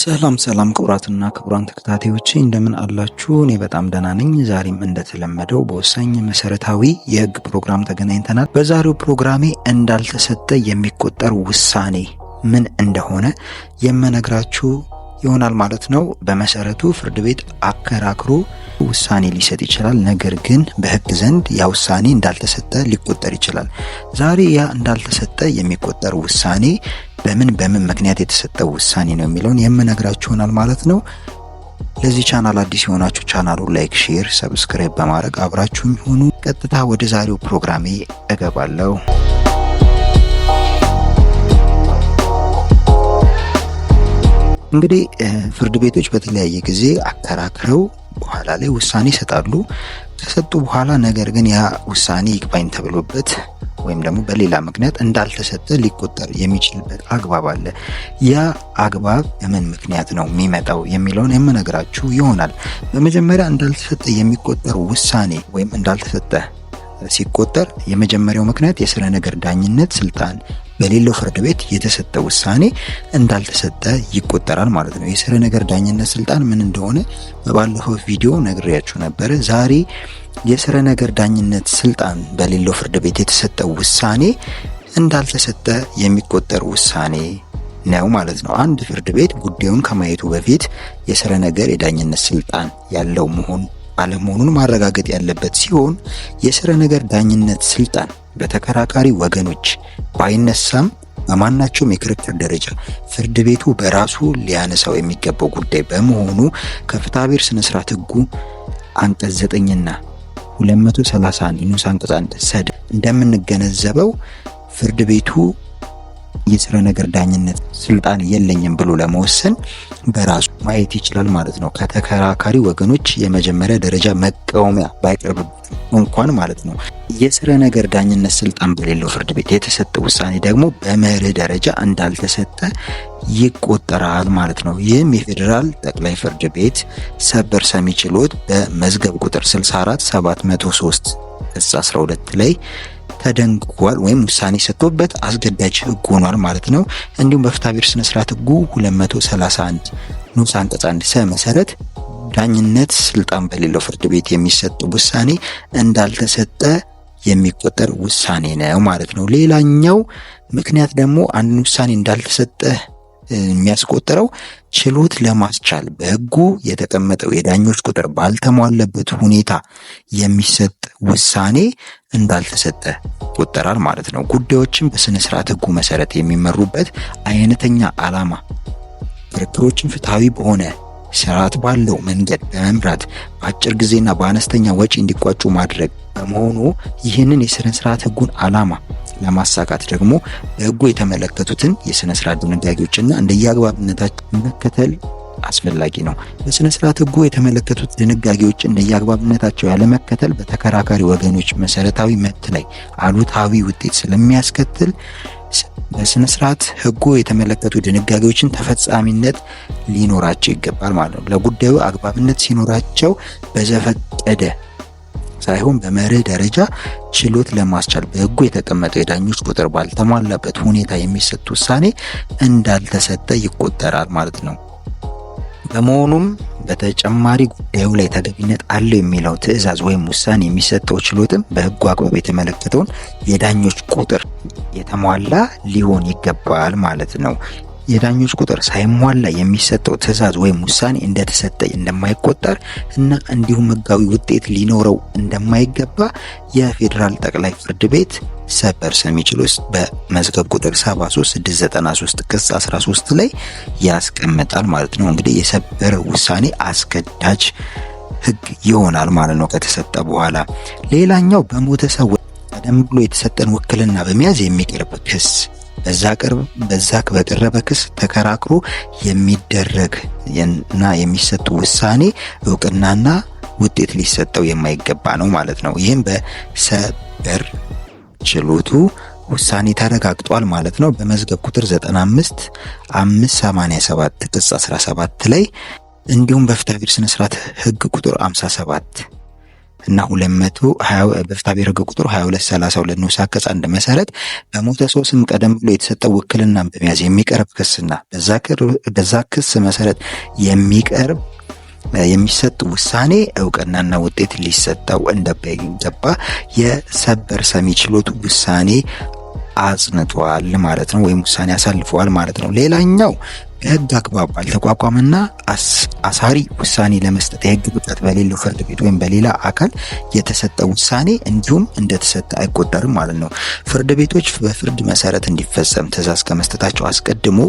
ሰላም ሰላም ክቡራትና ክቡራን ተከታታዮቼ እንደምን አላችሁ? እኔ በጣም ደህና ነኝ። ዛሬም እንደተለመደው በወሳኝ መሰረታዊ የህግ ፕሮግራም ተገናኝተናል። በዛሬው ፕሮግራሜ እንዳልተሰጠ የሚቆጠር ውሳኔ ምን እንደሆነ የምነግራችሁ ይሆናል ማለት ነው። በመሰረቱ ፍርድ ቤት አከራክሮ ውሳኔ ሊሰጥ ይችላል። ነገር ግን በህግ ዘንድ ያ ውሳኔ እንዳልተሰጠ ሊቆጠር ይችላል። ዛሬ ያ እንዳልተሰጠ የሚቆጠር ውሳኔ በምን በምን ምክንያት የተሰጠው ውሳኔ ነው የሚለውን የምነግራችሁ ይሆናል ማለት ነው። ለዚህ ቻናል አዲስ የሆናችሁ ቻናሉ ላይክ፣ ሼር፣ ሰብስክራይብ በማድረግ አብራችሁኝ ሆኑ። ቀጥታ ወደ ዛሬው ፕሮግራሜ እገባለሁ። እንግዲህ ፍርድ ቤቶች በተለያየ ጊዜ አከራክረው በኋላ ላይ ውሳኔ ይሰጣሉ። ከሰጡ በኋላ ነገር ግን ያ ውሳኔ ይግባኝ ተብሎበት ወይም ደግሞ በሌላ ምክንያት እንዳልተሰጠ ሊቆጠር የሚችልበት አግባብ አለ። ያ አግባብ በምን ምክንያት ነው የሚመጣው የሚለውን የምነግራችሁ ይሆናል። በመጀመሪያ እንዳልተሰጠ የሚቆጠር ውሳኔ ወይም እንዳልተሰጠ ሲቆጠር የመጀመሪያው ምክንያት የስረ ነገር ዳኝነት ስልጣን በሌለው ፍርድ ቤት የተሰጠ ውሳኔ እንዳልተሰጠ ይቆጠራል ማለት ነው። የስረ ነገር ዳኝነት ስልጣን ምን እንደሆነ በባለፈው ቪዲዮ ነግሬያችሁ ነበረ። ዛሬ የስረ ነገር ዳኝነት ስልጣን በሌለው ፍርድ ቤት የተሰጠ ውሳኔ እንዳልተሰጠ የሚቆጠር ውሳኔ ነው ማለት ነው። አንድ ፍርድ ቤት ጉዳዩን ከማየቱ በፊት የስረ ነገር የዳኝነት ስልጣን ያለው መሆን አለመሆኑን ማረጋገጥ ያለበት ሲሆን የስረ ነገር ዳኝነት ስልጣን በተከራካሪ ወገኖች ባይነሳም በማናቸውም የክርክር ደረጃ ፍርድ ቤቱ በራሱ ሊያነሳው የሚገባው ጉዳይ በመሆኑ ከፍትሐብሔር ስነ ስርዓት ሕጉ አንቀጽ 9 231 ንዑስ አንቀጽ ሰድ እንደምንገነዘበው ፍርድ ቤቱ የስረ ነገር ዳኝነት ስልጣን የለኝም ብሎ ለመወሰን በራሱ ማየት ይችላል ማለት ነው። ከተከራካሪ ወገኖች የመጀመሪያ ደረጃ መቃወሚያ ባይቀርብበት እንኳን ማለት ነው። የስረ ነገር ዳኝነት ስልጣን በሌለው ፍርድ ቤት የተሰጠ ውሳኔ ደግሞ በመርህ ደረጃ እንዳልተሰጠ ይቆጠራል ማለት ነው። ይህም የፌዴራል ጠቅላይ ፍርድ ቤት ሰበር ሰሚ ችሎት በመዝገብ ቁጥር 64703 12 ላይ ተደንግጓል ወይም ውሳኔ ሰጥቶበት አስገዳጅ ህግ ሆኗል ማለት ነው። እንዲሁም በፍትሐብሔር ስነ ስርዓት ህጉ 231 ንዑስ አንቀጽ አንድ ሰ መሰረት ዳኝነት ስልጣን በሌለው ፍርድ ቤት የሚሰጥ ውሳኔ እንዳልተሰጠ የሚቆጠር ውሳኔ ነው ማለት ነው። ሌላኛው ምክንያት ደግሞ አንድን ውሳኔ እንዳልተሰጠ የሚያስቆጥረው ችሎት ለማስቻል በህጉ የተቀመጠው የዳኞች ቁጥር ባልተሟለበት ሁኔታ የሚሰጥ ውሳኔ እንዳልተሰጠ ይቆጠራል ማለት ነው። ጉዳዮችን በስነስርዓት ህጉ መሰረት የሚመሩበት አይነተኛ አላማ ክርክሮችን ፍትሐዊ በሆነ ስርዓት ባለው መንገድ በመምራት በአጭር ጊዜና በአነስተኛ ወጪ እንዲቋጩ ማድረግ በመሆኑ ይህንን የስነ ስርዓት አላማ። ለማሳካት ደግሞ በህጉ የተመለከቱትን የሥነ ስርዓት ድንጋጌዎችና እንደየአግባብነታቸው መከተል አስፈላጊ ነው። በሥነ ስርዓት ሕጉ የተመለከቱት ድንጋጌዎች እንደየአግባብነታቸው ያለመከተል በተከራካሪ ወገኖች መሰረታዊ መብት ላይ አሉታዊ ውጤት ስለሚያስከትል በሥነ ስርዓት ሕጉ የተመለከቱ ድንጋጌዎችን ተፈጻሚነት ሊኖራቸው ይገባል ማለት ነው። ለጉዳዩ አግባብነት ሲኖራቸው በዘፈቀደ ሳይሆን በመርህ ደረጃ ችሎት ለማስቻል በህጉ የተቀመጠው የዳኞች ቁጥር ባልተሟላበት ሁኔታ የሚሰጥ ውሳኔ እንዳልተሰጠ ይቆጠራል ማለት ነው። በመሆኑም በተጨማሪ ጉዳዩ ላይ ተገቢነት አለው የሚለው ትዕዛዝ ወይም ውሳኔ የሚሰጠው ችሎትም በህጉ አግባብ የተመለከተውን የዳኞች ቁጥር የተሟላ ሊሆን ይገባል ማለት ነው። የዳኞች ቁጥር ሳይሟላ የሚሰጠው ትዕዛዝ ወይም ውሳኔ እንደተሰጠ እንደማይቆጠር እና እንዲሁም ሕጋዊ ውጤት ሊኖረው እንደማይገባ የፌዴራል ጠቅላይ ፍርድ ቤት ሰበር ሰሚ ችሎት በመዝገብ ቁጥር 73693 ቅጽ 13 ላይ ያስቀምጣል ማለት ነው። እንግዲህ የሰበር ውሳኔ አስገዳጅ ህግ ይሆናል ማለት ነው ከተሰጠ በኋላ። ሌላኛው በሞተ ሰው ቀደም ብሎ የተሰጠን ውክልና በመያዝ የሚቀርብ ክስ በዛ ቅርብ በዛ በቀረበ ክስ ተከራክሮ የሚደረግ እና የሚሰጡ ውሳኔ እውቅናና ውጤት ሊሰጠው የማይገባ ነው ማለት ነው። ይህም በሰበር ችሎቱ ውሳኔ ተረጋግጧል ማለት ነው። በመዝገብ ቁጥር 95 587 ቅጽ 17 ላይ እንዲሁም በፍትሐብሔር ስነስርዓት ህግ ቁጥር 57 እና 220 በፍታ ብሔር ሕግ ቁጥር 2232 ንዑስ አንቀጽ አንድ መሰረት በሞተ ሰው ስም ቀደም ብሎ የተሰጠው ውክልና በመያዝ የሚቀርብ ክስና በዛ ክስ መሰረት የሚቀርብ የሚሰጥ ውሳኔ እውቅናና ውጤት ሊሰጠው እንደሚገባ የሰበር ሰሚ ችሎት ውሳኔ አጽንቷል ማለት ነው፣ ወይም ውሳኔ አሳልፈዋል ማለት ነው። ሌላኛው በህግ አግባብ ባልተቋቋመና አሳሪ ውሳኔ ለመስጠት የህግ ብቃት በሌለው ፍርድ ቤት ወይም በሌላ አካል የተሰጠ ውሳኔ እንዲሁም እንደተሰጠ አይቆጠርም ማለት ነው። ፍርድ ቤቶች በፍርድ መሰረት እንዲፈጸም ትእዛዝ ከመስጠታቸው አስቀድሞ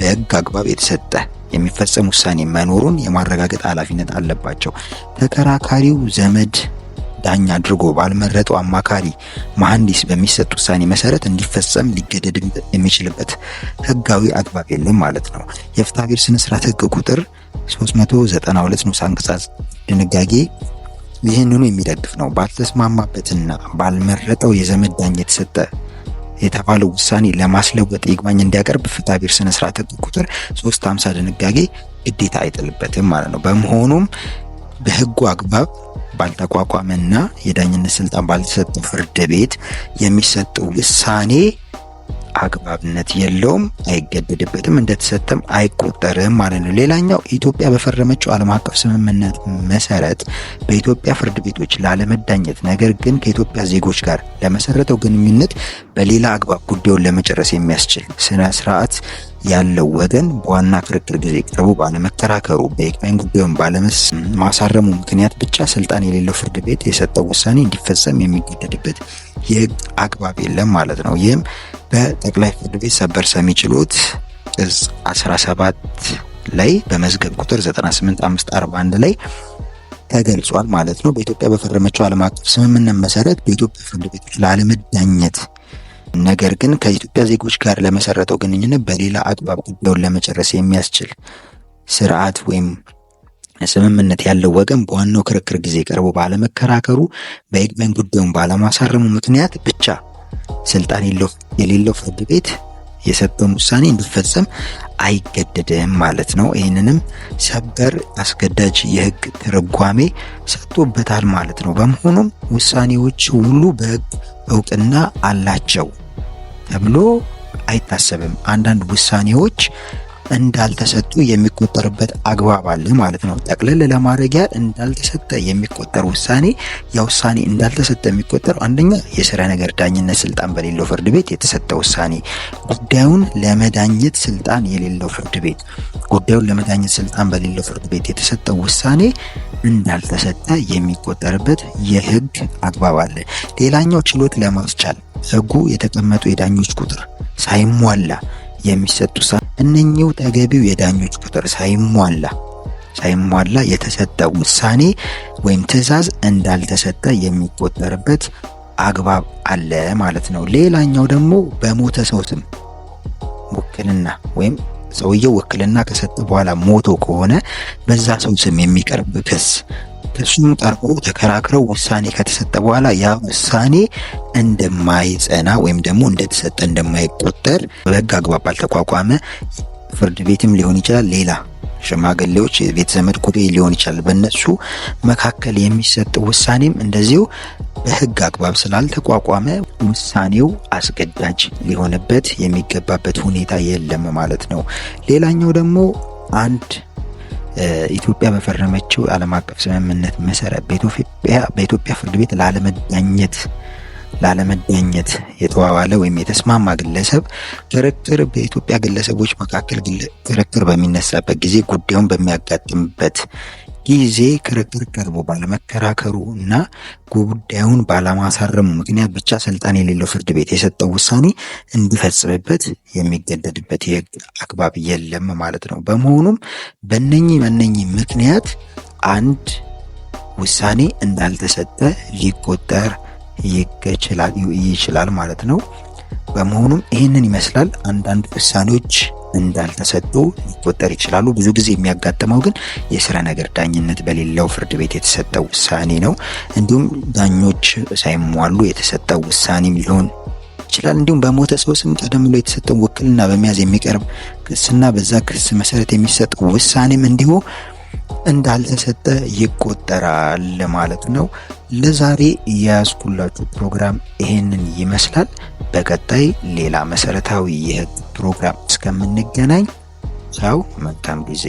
በህግ አግባብ የተሰጠ የሚፈጸም ውሳኔ መኖሩን የማረጋገጥ ኃላፊነት አለባቸው። ተከራካሪው ዘመድ ዳኛ አድርጎ ባልመረጠው አማካሪ መሐንዲስ በሚሰጥ ውሳኔ መሰረት እንዲፈጸም ሊገደድ የሚችልበት ህጋዊ አግባብ የለም ማለት ነው። የፍትሐብሔር ስነ ህግ ቁጥር 392 ንዑስ አንቀጽ ድንጋጌ ይህንኑ የሚደግፍ ነው። ባልተስማማበትና ባልመረጠው የዘመድ ዳኝ የተሰጠ የተባለው ውሳኔ ለማስለወጥ ይግባኝ እንዲያቀርብ ፍትሐብሔር ስነ ህግ ቁጥር 350 ድንጋጌ ግዴታ አይጥልበትም ማለት ነው። በመሆኑም በህጉ አግባብ ባልተቋቋመና የዳኝነት ስልጣን ባልተሰጠ ፍርድ ቤት የሚሰጠው ውሳኔ አግባብነት የለውም፣ አይገደድበትም፣ እንደተሰጠም አይቆጠርም ማለት ነው። ሌላኛው ኢትዮጵያ በፈረመችው ዓለም አቀፍ ስምምነት መሰረት በኢትዮጵያ ፍርድ ቤቶች ላለመዳኘት፣ ነገር ግን ከኢትዮጵያ ዜጎች ጋር ለመሰረተው ግንኙነት በሌላ አግባብ ጉዳዩን ለመጨረስ የሚያስችል ስነ ስርዓት ያለው ወገን በዋና ክርክር ጊዜ ቅርቡ ባለመከራከሩ በይግባኝ ጉዳዩን ባለመስ ማሳረሙ ምክንያት ብቻ ስልጣን የሌለው ፍርድ ቤት የሰጠው ውሳኔ እንዲፈጸም የሚገደድበት የህግ አግባብ የለም ማለት ነው። ይህም በጠቅላይ ፍርድ ቤት ሰበር ሰሚ ችሎት ቅጽ 17 ላይ በመዝገብ ቁጥር 98541 ላይ ተገልጿል ማለት ነው። በኢትዮጵያ በፈረመችው ዓለም አቀፍ ስምምነት መሰረት በኢትዮጵያ ፍርድ ቤቶች ላለመዳኘት ነገር ግን ከኢትዮጵያ ዜጎች ጋር ለመሰረተው ግንኙነት በሌላ አግባብ ጉዳዩን ለመጨረስ የሚያስችል ስርዓት ወይም ስምምነት ያለው ወገን በዋናው ክርክር ጊዜ ቀርቦ ባለመከራከሩ በይግባኝ ጉዳዩን ባለማሳረሙ ምክንያት ብቻ ስልጣን የሌለው ፍርድ ቤት የሰጠውን ውሳኔ እንዲፈጸም አይገደድም ማለት ነው። ይህንንም ሰበር አስገዳጅ የህግ ትርጓሜ ሰጥቶበታል ማለት ነው። በመሆኑም ውሳኔዎች ሁሉ በህግ እውቅና አላቸው። ተብሎ አይታሰብም። አንዳንድ ውሳኔዎች እንዳልተሰጡ የሚቆጠርበት አግባብ አለ ማለት ነው። ጠቅለል ለማድረግ ያህል እንዳልተሰጠ የሚቆጠር ውሳኔ ያ ውሳኔ እንዳልተሰጠ የሚቆጠር አንደኛ የስረ ነገር ዳኝነት ስልጣን በሌለው ፍርድ ቤት የተሰጠ ውሳኔ፣ ጉዳዩን ለመዳኘት ስልጣን የሌለው ፍርድ ቤት ጉዳዩን ለመዳኘት ስልጣን በሌለው ፍርድ ቤት የተሰጠ ውሳኔ እንዳልተሰጠ የሚቆጠርበት የህግ አግባብ አለ። ሌላኛው ችሎት ለማስቻል ህጉ የተቀመጡ የዳኞች ቁጥር ሳይሟላ የሚሰጡ እነኚው ተገቢው የዳኞች ቁጥር ሳይሟላ ሳይሟላ የተሰጠ ውሳኔ ወይም ትዕዛዝ እንዳልተሰጠ የሚቆጠርበት አግባብ አለ ማለት ነው። ሌላኛው ደግሞ በሞተ ሰው ስም ውክልና ወይም ሰውየው ውክልና ከሰጠ በኋላ ሞቶ ከሆነ በዛ ሰው ስም የሚቀርብ ክስ እሱን ጠርቆ ተከራክረው ውሳኔ ከተሰጠ በኋላ ያ ውሳኔ እንደማይጸና ወይም ደግሞ እንደተሰጠ እንደማይቆጠር በህግ አግባብ ባልተቋቋመ ፍርድ ቤትም ሊሆን ይችላል፣ ሌላ ሽማግሌዎች፣ ቤተ ዘመድ ሊሆን ይችላል። በእነሱ መካከል የሚሰጥ ውሳኔም እንደዚሁ በህግ አግባብ ስላልተቋቋመ ውሳኔው አስገዳጅ ሊሆንበት የሚገባበት ሁኔታ የለም ማለት ነው። ሌላኛው ደግሞ አንድ ኢትዮጵያ በፈረመችው ዓለም አቀፍ ስምምነት መሰረት በኢትዮጵያ ፍርድ ቤት ላለመዳኘት ላለመዳኘት የተዋዋለ ወይም የተስማማ ግለሰብ ክርክር በኢትዮጵያ ግለሰቦች መካከል ክርክር በሚነሳበት ጊዜ ጉዳዩን በሚያጋጥምበት ጊዜ ክርክር ቀርቦ ባለመከራከሩ እና ጉዳዩን ባለማሳረሙ ምክንያት ብቻ ስልጣን የሌለው ፍርድ ቤት የሰጠው ውሳኔ እንዲፈጽምበት የሚገደድበት የህግ አግባብ የለም ማለት ነው። በመሆኑም በነኚህ በነኚህ ምክንያት አንድ ውሳኔ እንዳልተሰጠ ሊቆጠር ይችላል ማለት ነው። በመሆኑም ይህንን ይመስላል አንዳንድ ውሳኔዎች እንዳልተሰጡ ሊቆጠር ይችላሉ። ብዙ ጊዜ የሚያጋጥመው ግን የስረ ነገር ዳኝነት በሌለው ፍርድ ቤት የተሰጠው ውሳኔ ነው። እንዲሁም ዳኞች ሳይሟሉ የተሰጠው ውሳኔም ሊሆን ይችላል። እንዲሁም በሞተ ሰው ስም ቀደም ብሎ የተሰጠው ውክልና በመያዝ የሚቀርብ ክስና በዛ ክስ መሰረት የሚሰጥ ውሳኔም እንዲሁ እንዳልተሰጠ ይቆጠራል ማለት ነው። ለዛሬ የያዝኩላችሁ ፕሮግራም ይሄንን ይመስላል። በቀጣይ ሌላ መሰረታዊ የህግ ፕሮግራም እስከምንገናኝ ሰው መልካም ጊዜ